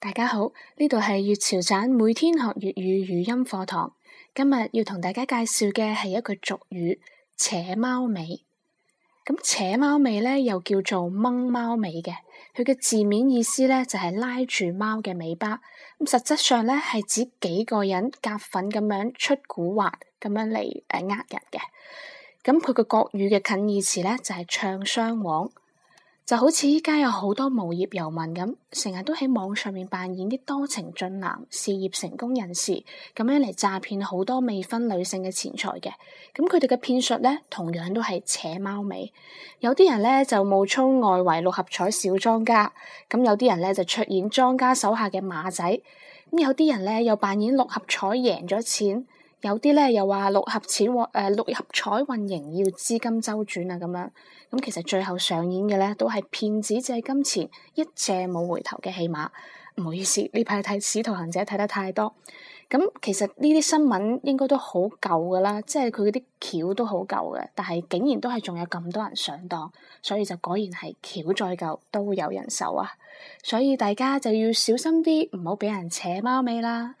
大家好，呢度係粵潮盞，每天學粵語語音課堂。今日要同大家介紹嘅係一句俗語，扯貓尾。咁扯貓尾呢，又叫做掹貓尾嘅。佢嘅字面意思呢，就係、是、拉住貓嘅尾巴。咁實質上呢，係指幾個人夾粉咁樣出古惑，咁樣嚟呃人嘅。咁佢嘅國語嘅近義詞咧就係唱雙簧，就好似依家有好多無業遊民咁，成日都喺網上面扮演啲多情俊男、事業成功人士咁樣嚟詐騙好多未婚女性嘅錢財嘅。咁佢哋嘅騙術咧，同樣都係扯貓尾。有啲人呢，就冒充外圍六合彩小莊家，咁有啲人呢，就出演莊家手下嘅馬仔，咁有啲人呢，又扮演六合彩贏咗錢。有啲咧又話六合錢運誒、呃、六合彩運營要資金周轉啊咁樣，咁其實最後上演嘅咧都係騙子借金錢一借冇回頭嘅戲碼。唔好意思，呢排睇《使徒行者》睇得太多，咁其實呢啲新聞應該都好舊噶啦，即係佢嗰啲橋都好舊嘅，但係竟然都係仲有咁多人上當，所以就果然係橋再舊都會有人受啊！所以大家就要小心啲，唔好俾人扯貓尾啦。